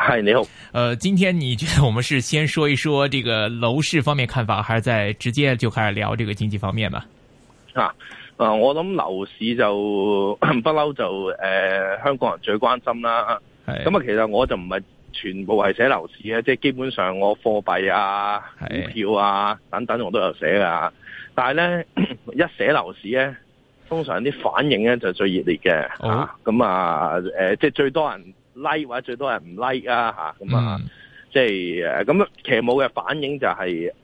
係你好，誒、呃，今天你覺得我們是先說一說這個樓市方面看法，還是在直接就開始聊這個經濟方面吧？啊，我諗樓市就不嬲，就誒、呃，香港人最關心啦。係咁啊，其實我就唔係全部係寫樓市啊，即係基本上我貨幣啊、股票啊等等，我都有寫噶。但係咧，一寫樓市咧，通常啲反應咧就最熱烈嘅、哦、啊。咁啊，誒，即係最多人。like 或者最多係唔 like 啊嚇，咁啊，嗯、即係誒咁其實冇嘅反應就係，是，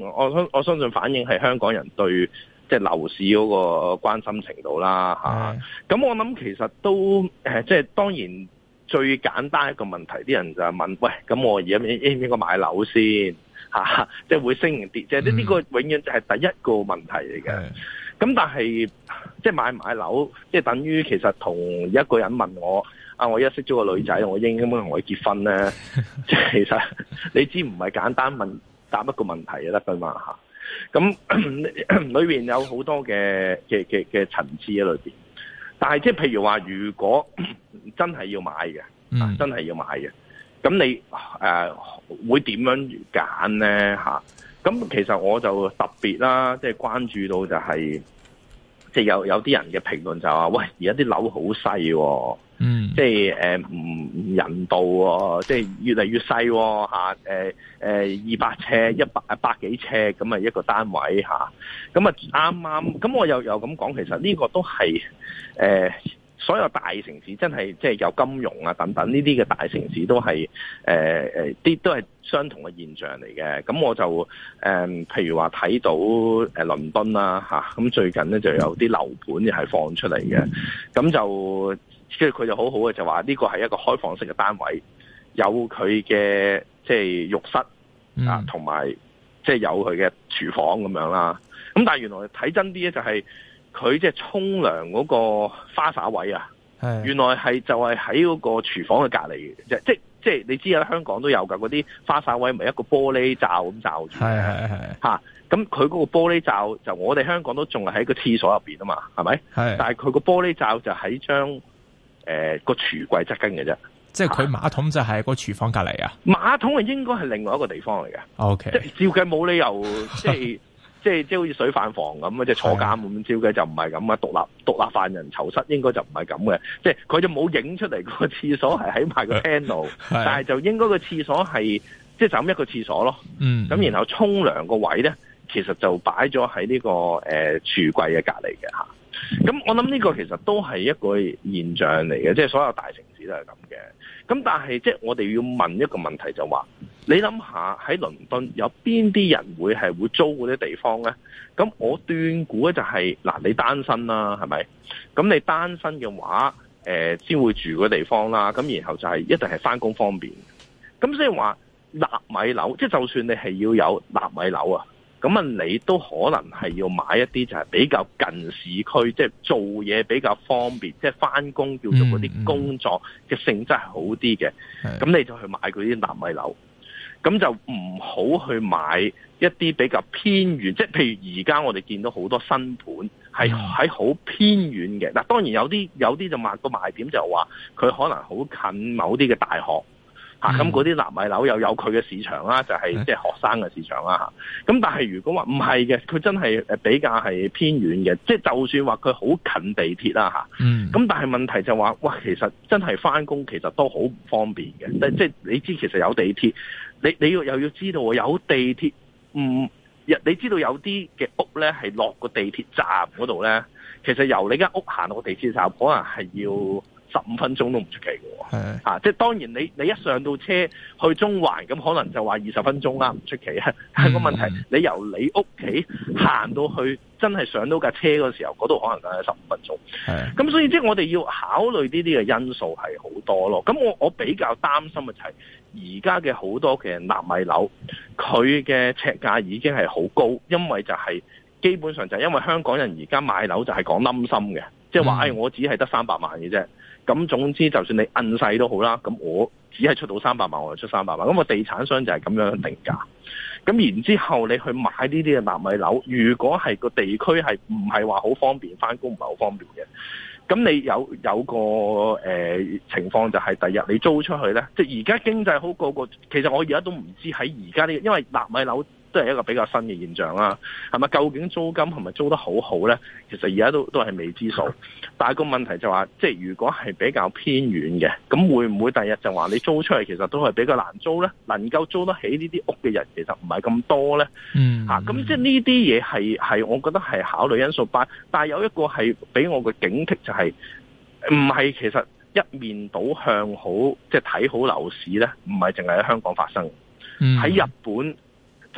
我我我相信反應係香港人對即係樓市嗰個關心程度啦嚇。咁、嗯啊、我諗其實都誒、啊，即係當然最簡單一個問題，啲人就係問喂，咁我而家應唔應該買樓先嚇、啊？即係會升跌，即係呢個永遠就係第一個問題嚟嘅。咁、嗯嗯、但係即係買唔買樓，即係等於其實同一個人問我。啊！我一識咗個女仔，我應唔應該同佢結婚咧？即係其實你知唔係簡單問答一個問題就得嘅嘛嚇。咁、啊、裏、嗯、面有好多嘅嘅嘅嘅層次喺裏邊，但係即係譬如話，如果真係要買嘅、啊，真係要買嘅，咁你誒、啊、會點樣揀咧嚇？咁其實我就特別啦，即係關注到就係。有有啲人嘅評論就話：喂，而家啲樓好細喎，嗯，即係誒唔人道喎，即係越嚟越細嚇喎，誒、啊、誒、啊啊、二百尺，一百一百幾尺咁啊一個單位嚇，咁啊啱啱，咁我又又咁講，其實呢個都係誒。呃所有大城市真係即係有金融啊等等呢啲嘅大城市都係誒啲都係相同嘅現象嚟嘅。咁我就誒、呃，譬如話睇到誒倫敦啦咁、啊、最近咧就有啲樓盤係放出嚟嘅。咁就即係佢就好好嘅，就話呢個係一個開放式嘅單位，有佢嘅即係浴室啊，同埋即係有佢嘅廚房咁樣啦。咁、啊、但係原來睇真啲咧、就係，就係。佢即係沖涼嗰個花灑位啊，原來係就係喺嗰個廚房嘅隔離，即即即係你知啊，香港都有噶嗰啲花灑位，唔係一個玻璃罩咁罩住，係係係嚇。咁佢嗰個玻璃罩就我哋香港都仲係喺個廁所入面啊嘛，係咪？係。但係佢個玻璃罩就喺張誒個廚櫃側跟嘅啫，即係佢馬桶就喺個廚房隔離啊。馬桶係應該係另外一個地方嚟嘅。OK，即係照計冇理由即係。 即係即係好似水飯房咁啊！即係坐監咁照嘅就唔係咁啊，獨立獨立犯人囚室應該就唔係咁嘅。即係佢就冇影出嚟個廁所係喺埋個廳度， 是但係就應該個廁所係即係就咁一個廁所咯。嗯，咁然後沖涼個位咧，其實就擺咗喺呢個誒櫥櫃嘅隔籬嘅吓。咁我諗呢個其實都係一個現象嚟嘅，即係所有大城市都係咁嘅。咁但係即係我哋要問一個問題就話，你諗下喺倫敦有邊啲人會係會租嗰啲地方咧？咁我斷估咧就係嗱，你單身啦，係咪？咁你單身嘅話，誒，先會住嗰地方啦。咁然後就係一定係翻工方便。咁所以話納米樓，即係就算你係要有納米樓啊。咁啊，你都可能係要買一啲就係比較近市區，即係做嘢比較方便，即係翻工叫做嗰啲工作嘅性質係好啲嘅。咁你就去買嗰啲納米樓，咁就唔好去買一啲比較偏遠，即係譬如而家我哋見到好多新盤係喺好偏遠嘅。嗱，當然有啲有啲就賣個賣點就話佢可能好近某啲嘅大學。嚇，咁嗰啲納米樓又有佢嘅市場啦，就係即係學生嘅市場啦嚇。咁但係如果話唔係嘅，佢真係比較係偏遠嘅。即係就算話佢好近地鐵啦嚇，咁但係問題就話哇，其實真係翻工其實都好唔方便嘅。即係即你知其實有地鐵，你你要又要知道有地鐵唔、嗯，你知道有啲嘅屋咧係落個地鐵站嗰度咧，其實由你間屋行到地鐵站可能係要十五分鐘都唔出奇嘅，嚇、啊！即係當然你你一上到車去中環，咁可能就話二十分鐘啦，唔出奇啊！但係個問題，嗯、你由你屋企行到去，真係上到架車嗰時候，嗰度可能就係十五分鐘。係、啊，咁所以即係我哋要考慮呢啲嘅因素係好多咯。咁我我比較擔心嘅就係而家嘅好多嘅納米樓，佢嘅尺價已經係好高，因為就係、係、基本上就係因為香港人而家買樓就係講冧心嘅，即係話誒，我只係得三百萬嘅啫。咁總之，就算你摁細都好啦，咁我只係出到三百萬，我就出三百萬。咁個地產商就係咁樣定價。咁然之後，你去買呢啲嘅納米樓，如果係個地區係唔係話好方便翻工，唔係好方便嘅，咁你有有個、呃、情況就係，第日你租出去呢，即係而家經濟好過個個，其實我而家都唔知喺而家呢，因為納米樓，係一個比較新嘅現象啦，係咪？究竟租金係咪租得好好咧？其實而家都都係未知數。但係個問題就話、是，即係如果係比較偏遠嘅，咁會唔會第日就話你租出嚟，其實都係比較難租咧？能夠租得起呢啲屋嘅人，其實唔係咁多咧。嗯、mm-hmm. 啊，吓咁即係呢啲嘢，係係我覺得係考慮因素。但但係有一個係俾我嘅警惕就係、是，唔係其實一面倒向好，即係睇好樓市咧，唔係淨係喺香港發生，喺日本。Mm-hmm.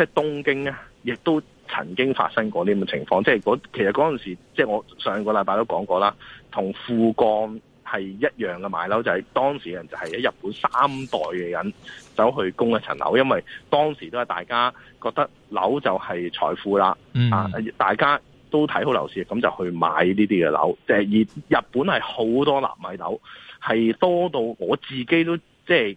即係東京咧，亦都曾經發生過呢咁嘅情況。即係嗰其實嗰陣時，即係我上個禮拜都講過啦。同富江係一樣嘅買樓，就係、是、當時人就係喺日本三代嘅人走去供一層樓，因為當時都係大家覺得樓就係財富啦。Mm-hmm. 啊，大家都睇好樓市，咁就去買呢啲嘅樓。即係而日本係好多納米樓，係多到我自己都即係。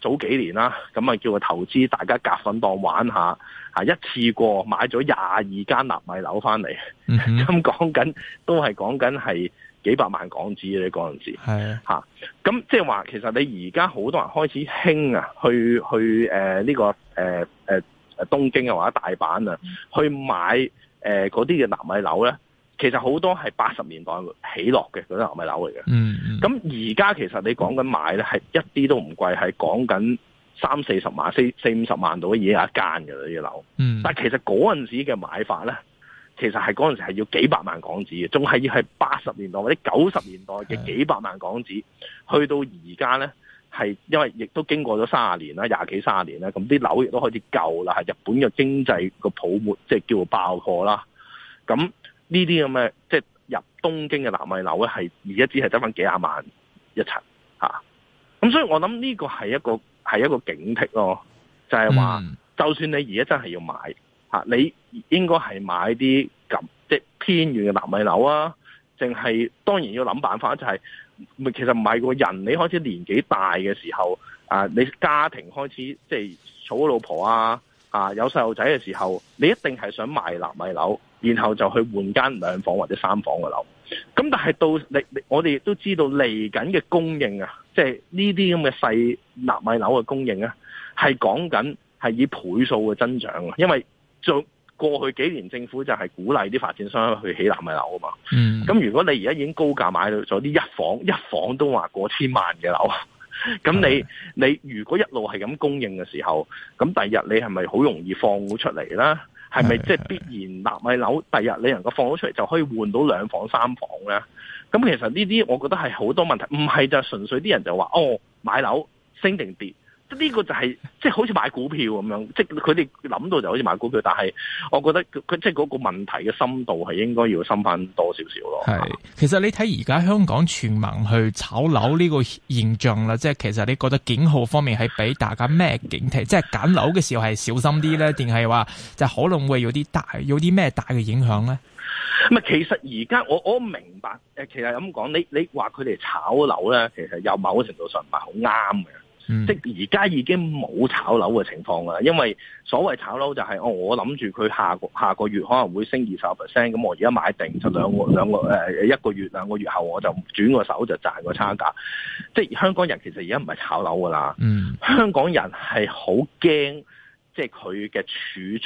早幾年啦，咁啊叫佢投資大家夾份當玩下，一次過買咗廿二間納米樓返嚟，咁講緊都係講緊係幾百萬港紙嘅，你嗰陣時。係啊吓，咁即係話其實你而家好多人開始興呀，去去誒呢、呃呢個誒、呃、東京呀或者大阪呀，去買誒嗰啲嘅納米樓呢。其實好多係八十年代起落嘅嗰啲牛米樓嚟嘅，咁而家其實你講緊買咧係一啲都唔貴，係講緊三四十萬、四四五十萬到已經有一間嘅呢啲樓。但係其實嗰陣時嘅買法咧，其實係嗰時係要幾百萬港紙嘅，仲係要係八十年代或者九十年代嘅幾百萬港紙、嗯，去到而家咧係因為亦都經過咗三十年啦、廿幾三十年啦，咁啲樓亦都開始舊啦，係日本嘅經濟個泡沫即係叫做爆破啦，咁。呢啲咁嘅，即係入東京嘅納米樓咧，係而家只係得翻幾廿萬一層嚇。咁、啊、所以我諗呢個係一個係一個警惕咯，就係、是、話、嗯，就算你而家真係要買嚇、啊，你應該係買啲咁即係偏遠嘅納米樓啊。淨係當然要諗辦法、就是，就係其實唔係喎，人你開始年紀大嘅時候啊，你家庭開始即係娶老婆啊啊，有細路仔嘅時候，你一定係想買納米樓。然後就去換間兩房或者三房嘅樓，咁但係到你我哋都知道嚟緊嘅供應啊，即係呢啲咁嘅細納米樓嘅供應啊，係講緊係以倍數嘅增長啊，因為就過去幾年政府就係鼓勵啲發展商去起納米樓啊嘛。咁、嗯、如果你而家已經高價買到咗啲一房，一房都話過千萬嘅樓，咁 你你如果一路係咁供應嘅時候，咁第二日你係咪好容易放估出嚟啦？係咪即係必然樓？納米樓第日你能夠放咗出嚟，就可以換到兩房三房咧？咁其實呢啲我覺得係好多問題，唔係就純粹啲人就話哦，買樓升定跌。呢、這個就係、是、即係好似買股票咁樣，即係佢哋諗到就好似買股票，但係我覺得佢即係嗰個問題嘅深度係應該要深翻多少少咯。係，其實你睇而家香港全民去炒樓呢個現象啦，即係其實你覺得警號方面係俾大家咩警惕？是的即係揀樓嘅時候係小心啲咧，定係話就是可能會有啲大有啲咩大嘅影響咧？咁係，其實而家我我明白誒，其實咁講，你你話佢哋炒樓咧，其實有某程度上唔係好啱嘅。嗯、即而家已經冇炒樓嘅情況啦，因為所謂炒樓就係、哦、我諗住佢下下個月可能會升二十 percent，咁我而家買定，就兩個兩個、呃、一個月兩個月後我就轉個手就賺個差價。即香港人其實而家唔係炒樓噶啦、嗯，香港人係好驚，即佢嘅儲蓄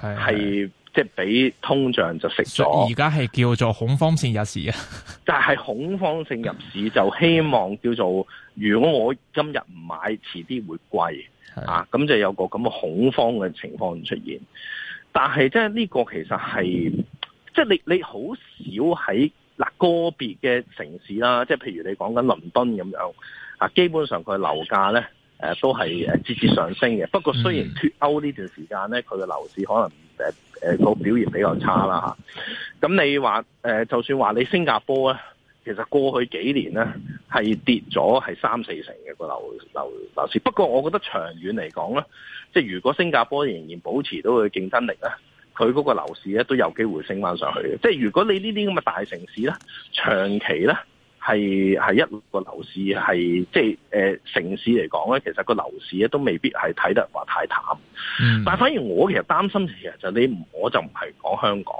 係，即係俾通脹就食咗，而家係叫做恐慌性入市啊！但係恐慌性入市就希望叫做，如果我今日唔買，遲啲會貴啊，咁就有個咁嘅恐慌嘅情況出現。但係即係呢個其實係，即係你你好少喺嗱、呃、個別嘅城市啦，即係譬如你講緊倫敦咁樣啊，基本上佢樓價咧誒、呃、都係誒節節上升嘅。不過雖然脫歐呢段時間咧，佢嘅樓市可能～誒、呃、誒，個、呃、表現比較差啦吓，咁、啊、你話誒、呃，就算話你新加坡咧、啊，其實過去幾年咧係跌咗係三四成嘅、個樓樓樓市，不過我覺得長遠嚟講咧，即係如果新加坡仍然保持到佢競爭力咧，佢嗰個樓市咧都有機會升翻上去嘅。即係如果你呢啲咁嘅大城市咧，長期咧。係係一個樓市係即係誒、呃，城市嚟講咧，其實個樓市咧都未必係睇得話太淡。嗯、但係反而我其實擔心其實就你唔我就唔係講香港，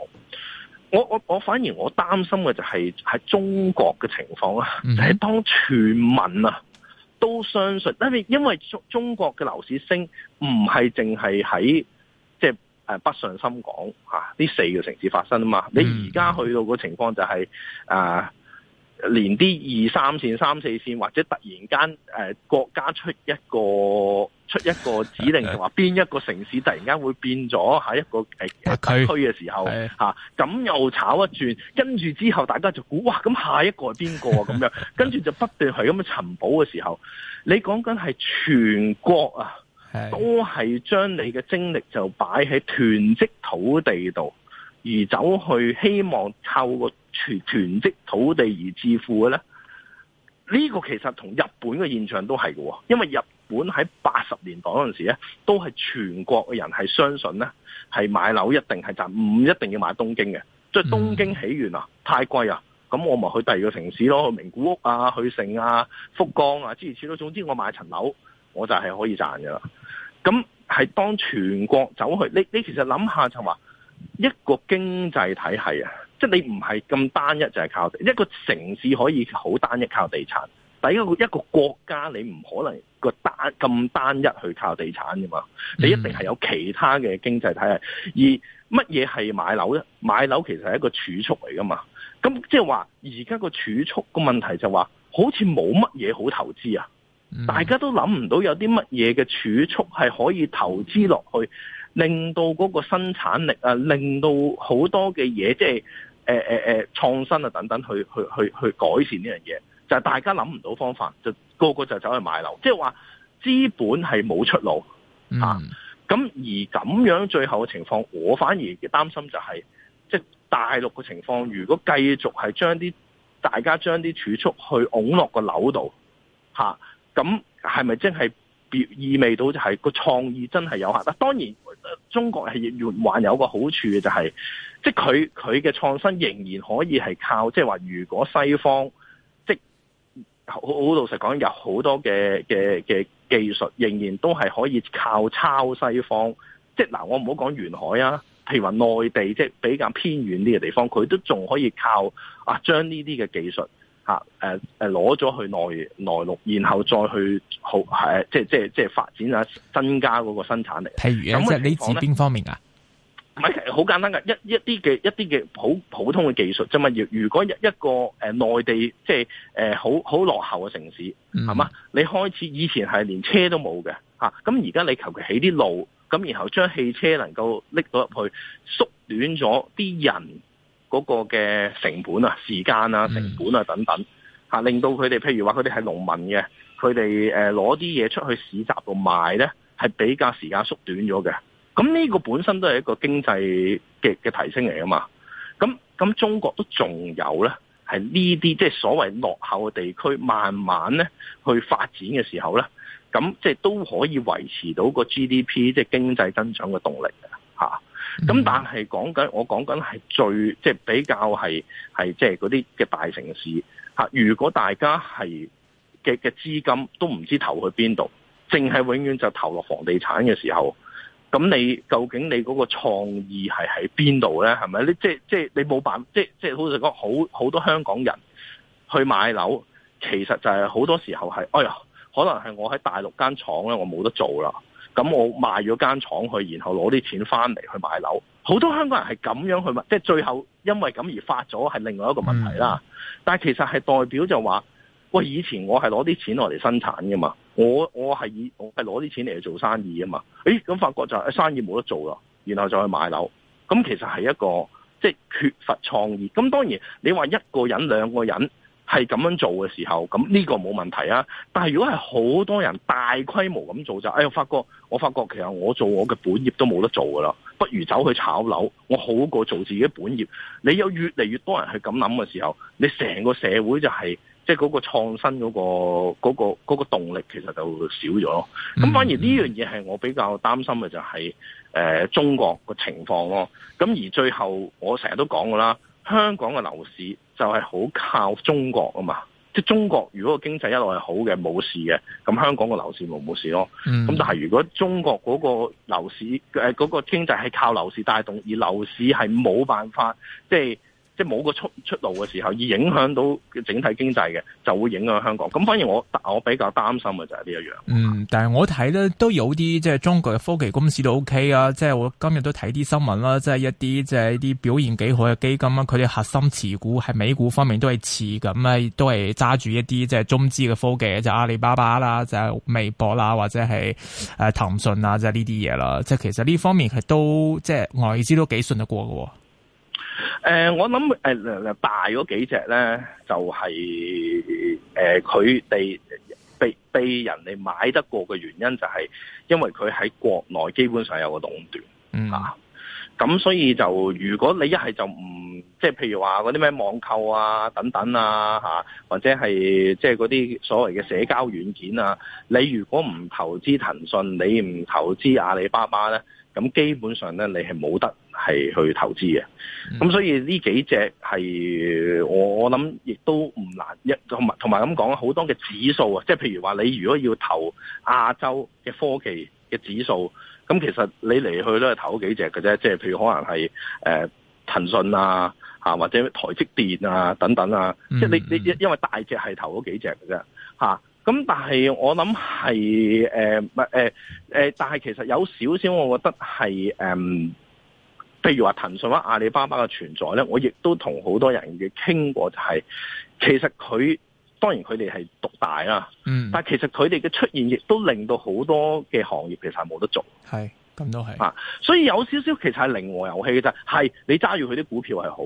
我我我反而我擔心嘅就係喺中國嘅情況啊，係、嗯就係、當全民啊都相信，因為因為中中國嘅樓市升唔係淨係喺即係誒北上深港吓呢、啊、四個城市發生啊嘛。嗯、你而家去到個情況就係、係、誒。呃連啲二三線、三四線，或者突然間、呃、國家出一個出一個指令，話邊一個城市突然間會變咗下一個、啊啊、區嘅時候咁、啊、又炒一轉，跟住之後大家就估哇，咁下一個係邊個啊？咁樣跟住就不斷去咁樣尋寶嘅時候，你講緊係全國啊，啊啊都係將你嘅精力就擺喺囤積土地度。而走去希望透過囤積土地而致富嘅咧，呢、這個其實同日本嘅現象都係嘅、哦，因為日本喺八十年代嗰陣時咧，都係全國嘅人係相信咧，係買樓一定係賺，唔一定要買東京嘅。即、嗯、係、就是、東京起完啊，太貴啊，咁我咪去第二個城市咯，去名古屋啊，去盛啊，福岡啊，諸如此類。總之我買層樓，我就係可以賺噶啦。咁係當全國走去，你你其實諗下就話。一個經濟體系啊，即係你唔係咁單一就靠地，就係靠一個城市可以好單一靠地產。第一個一個國家你唔可能個單咁單一去靠地產噶嘛，你一定係有其他嘅經濟體系。而乜嘢係買樓呢？買樓其實係一個儲蓄嚟噶嘛。咁即係話，而家個儲蓄個問題就話、是，好似冇乜嘢好投資啊！大家都諗唔到有啲乜嘢嘅儲蓄係可以投資落去。令到嗰個生產力啊，令到好多嘅嘢，即係誒誒誒創新啊等等，去去去去改善呢樣嘢，就係、是、大家諗唔到方法，就個個就走去買樓，即係話資本係冇出路咁、嗯啊、而咁樣最後嘅情況，我反而擔心就係、是，即、就、係、是、大陸嘅情況，如果繼續係將啲大家將啲儲蓄去擁落個樓度吓，咁係咪即係？啊意味到就係個創意真係有限啦。當然，中國係還有一個好處嘅、就係，就係即係佢佢嘅創新仍然可以係靠，即係話如果西方即係好好老實講，有好多嘅嘅嘅技術仍然都係可以靠抄西方。即係嗱，我唔好講沿海啊，譬如話內地即係比較偏遠啲嘅地方，佢都仲可以靠啊將呢啲嘅技術。吓，誒誒，攞咗去內內陸，然後再去好係，即係即係即係發展下增加嗰個生產力。譬如，其實你指邊方面啊？唔係，其實好簡單噶，一一啲嘅一啲嘅好普通嘅技術啫嘛。如如果一一個誒內地，即係誒好好落後嘅城市，係、嗯、嘛？你開始以前係連車都冇嘅，吓，咁而家你求其起啲路，咁然後將汽車能夠拎到入去，縮短咗啲人嗰個嘅成本啊、時間啊、成本啊等等，吓，令到佢哋譬如話佢哋係農民嘅，佢哋誒攞啲嘢出去市集度賣咧，係比較時間縮短咗嘅。咁呢個本身都係一個經濟嘅嘅提升嚟啊嘛。咁咁中國都仲有咧，係呢啲即係所謂落後嘅地區，慢慢咧去發展嘅時候咧，咁即係都可以維持到個 GDP 即係經濟增長嘅動力嘅咁、嗯、但係講緊，我講緊係最即係比較係係即係嗰啲嘅大城市吓、啊。如果大家係嘅嘅資金都唔知投去邊度，淨係永遠就投落房地產嘅時候，咁你究竟你嗰個創意係喺邊度咧？係咪？你即係即係你冇辦法，即係即係好似講好好多香港人去買樓，其實就係好多時候係，哎呀，可能係我喺大陸間廠咧，我冇得做啦。咁我賣咗間廠去，然後攞啲錢翻嚟去買樓。好多香港人係咁樣去問，即係最後因為咁而發咗，係另外一個問題啦。但係其實係代表就話喂，以前我係攞啲錢落嚟生產噶嘛，我我係以我係攞啲錢嚟去做生意啊嘛。誒，咁發覺就係、是、生意冇得做咯，然後就去買樓。咁其實係一個即係、就是、缺乏創意。咁當然你話一個人兩個人。係咁樣做嘅時候，咁呢個冇問題啊。但係如果係好多人大規模咁做就，哎，哎呀，發覺我發覺其實我做我嘅本業都冇得做噶啦，不如走去炒樓，我好過做自己本業。你有越嚟越多人係咁諗嘅時候，你成個社會就係即係嗰個創新嗰個嗰個嗰個動力其實就少咗咯。咁反而呢樣嘢係我比較擔心嘅就係呃中國個情況咯。咁而最後我成日都講噶啦。香港嘅樓市就係好靠中國啊嘛，即係中國如果個經濟一路係好嘅冇事嘅，咁香港嘅樓市冇冇事咯。咁、嗯、但係如果中國嗰個樓市誒、嗰個經濟係靠樓市帶動，而樓市係冇辦法即係。就是即係冇個出出路嘅時候，而影響到整體經濟嘅，就會影響香港。咁反而我我比較擔心嘅就係呢一樣。嗯，但係我睇咧都有啲即係中國嘅科技公司都 OK 啊！即係我今日都睇啲新聞啦，即係一啲即係一啲表現幾好嘅基金啦，佢哋核心持股喺美股方面都係似咁啊，都係揸住一啲即係中資嘅科技，就係阿里巴巴啦，就係微博啦，或者係誒騰訊啊，即係呢啲嘢啦。即係其實呢方面佢都即係外資都幾信得過喎。誒、呃，我諗誒、呃，大嗰幾隻咧，就係、是、誒，佢、呃、哋被被人哋買得過嘅原因就係，因為佢喺國內基本上有個壟斷、嗯，啊，咁所以就如果你一係就唔，即係譬如話嗰啲咩網購啊，等等啊，吓，或者係即係嗰啲所謂嘅社交軟件啊，你如果唔投資騰訊，你唔投資阿里巴巴咧？咁基本上咧，你係冇得係去投資嘅。咁所以呢幾隻係我我諗亦都唔難一，同埋同埋咁講，好多嘅指數啊，即係譬如話你如果要投亞洲嘅科技嘅指數，咁其實你嚟去都係投嗰幾隻嘅啫。即係譬如可能係誒、呃、騰訊啊，或者台積電啊等等啊，嗯嗯即係你你因為大隻係投嗰幾隻嘅啫，啊咁但係我諗係誒唔誒誒，但係、呃呃呃呃、其實有少少，我覺得係誒，譬、呃、如話騰訊或者阿里巴巴嘅存在咧，我亦都同好多人嘅傾過、就是，就係其實佢當然佢哋係獨大啦、啊，嗯，但係其實佢哋嘅出現亦都令到好多嘅行業其實係冇得做，係咁都係吓，所以有少少其實係零和遊戲嘅就係你揸住佢啲股票係好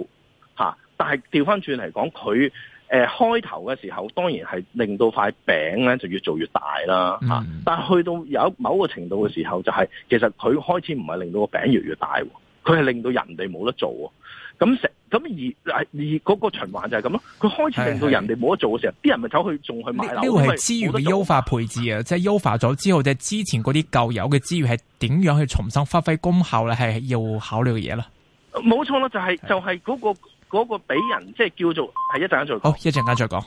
吓、啊，但係調翻轉嚟講佢。誒、呃，開頭嘅時候當然係令到塊餅咧就越做越大啦，吓、嗯！但係去到有某個程度嘅時候、就係，就係其實佢開始唔係令到個餅越越大，佢係令到人哋冇得做喎。咁咁而而嗰個循環就係咁咯。佢開始令到人哋冇得做嘅時候，啲人咪走去仲去買樓。呢個係資源嘅優化配置啊！即係優化咗之後，即係之前嗰啲舊有嘅資源係點樣去重新發揮功效咧？係要考慮嘅嘢啦。冇錯啦，就係、是、就係、是、嗰、嗰個。嗰個俾人即係叫做係一陣間再講，好一陣間再講。